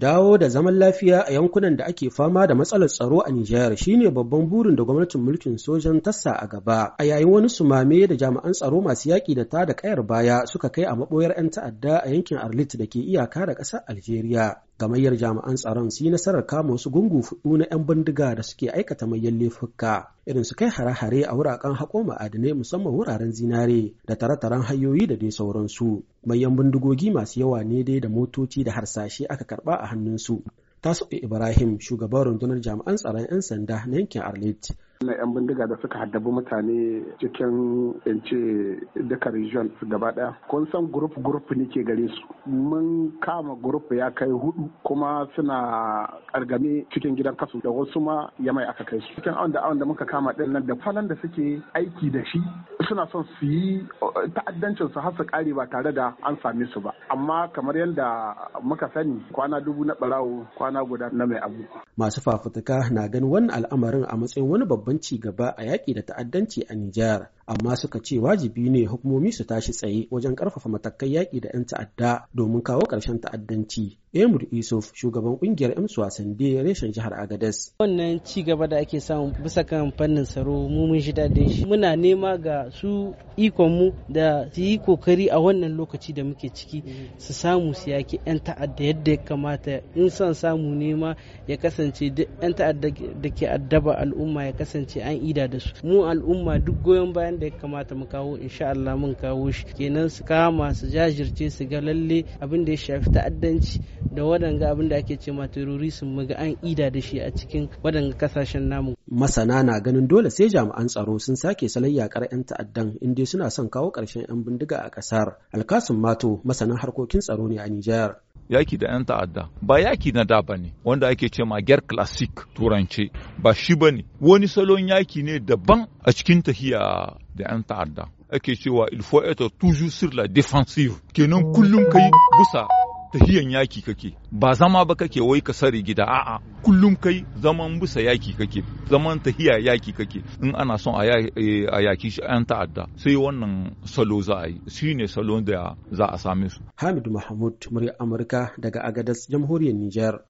Dawo da zaman lafiya a yankunan da ake fama da matsalar tsaro a Nijar shine babban burin da gwamnatin mulkin sojan tassa a gaba. A yayin wani sumame da jami'an tsaro masu yaƙi da ta da ƙayar baya suka kai a maɓoyar 'yan ta'adda a yankin Arlit da ke iyaka da ƙasar Algeria. gamayyar jami'an tsaron su yi nasarar kama wasu gungu fudu na 'yan bindiga da suke aikata mayan laifuka irin su kai hare-hare a wuraren haƙo ma'adinai musamman wuraren zinare da tare-taren hanyoyi da dai sauransu mayan bindigogi masu yawa ne dai da motoci da harsashe aka karba a hannunsu tasu ibrahim shugaban rundunar jami'an tsaron 'yan sanda na yankin arlit na 'yan bindiga da suka haddabu mutane cikin in ce duka region gaba daya kun san group group ne ke gare su mun kama group ya kai hudu kuma suna kargame cikin gidan kasu da wasu ma ya mai aka kai su cikin awon da awon da muka kama din nan da falon da suke aiki da shi suna son su yi eh, ta'addancin su har su kare ba tare da an same su ba amma kamar yadda muka sani kwana dubu na barawo kwana guda na mai abu masu fafutuka na ganin wannan al'amarin a matsayin wani babban ci gaba a yaƙi da ta'addanci a Nijar amma suka ce wajibi ne hukumomi su tashi tsaye wajen karfafa matakai yaƙi da 'yan ta'adda domin kawo ƙarshen ta'addanci. Emir Isuf shugaban kungiyar 'yan wasan da reshen jihar Agadez. Wannan ci gaba da ake samu bisa kan fannin tsaro mu mun shi daɗin shi. Muna nema ga su ikon mu da su yi kokari a wannan lokaci da muke ciki su samu su yaƙi 'yan ta'adda yadda ya kamata in son samu nema ya kasance duk 'yan ta'adda da ke addaba al'umma ya kasance an ida da su. Mu al'umma duk goyon bayan da ya kamata mu kawo insha Allah mun kawo shi kenan su kama su jajirce su ga lalle abin da ya shafi ta'addanci da wadanga abin da ake ce ma terrorism mu ga an ida da shi a cikin wadanga kasashen namu masana na ganin dole sai jami'an tsaro sun sake salayya kar 'yan ta'addan inda suna son kawo karshen 'yan bindiga a ƙasar alkasun mato masanin harkokin tsaro ne a Nijar yaki da 'yan ta'adda ba yaki na da ne wanda ake ce ma ger classic turance ba shi ba bane wani salon yaki ne daban a cikin tahiya da 'yan ta'adda ake cewa il faut être toujours sur la défensive kenan kullum kai busa tahiyan yaki kake ba zama ba kake wai ka sare gida a'a kullum kai zaman busa yaki kake zaman tahiya yaki kake in ana son eh, a yaki shi an ta'adda sai wannan salo za a yi shine salon da za a same su Hamid Mahmud murya Amurka daga Agadas jamhuriyar Nijar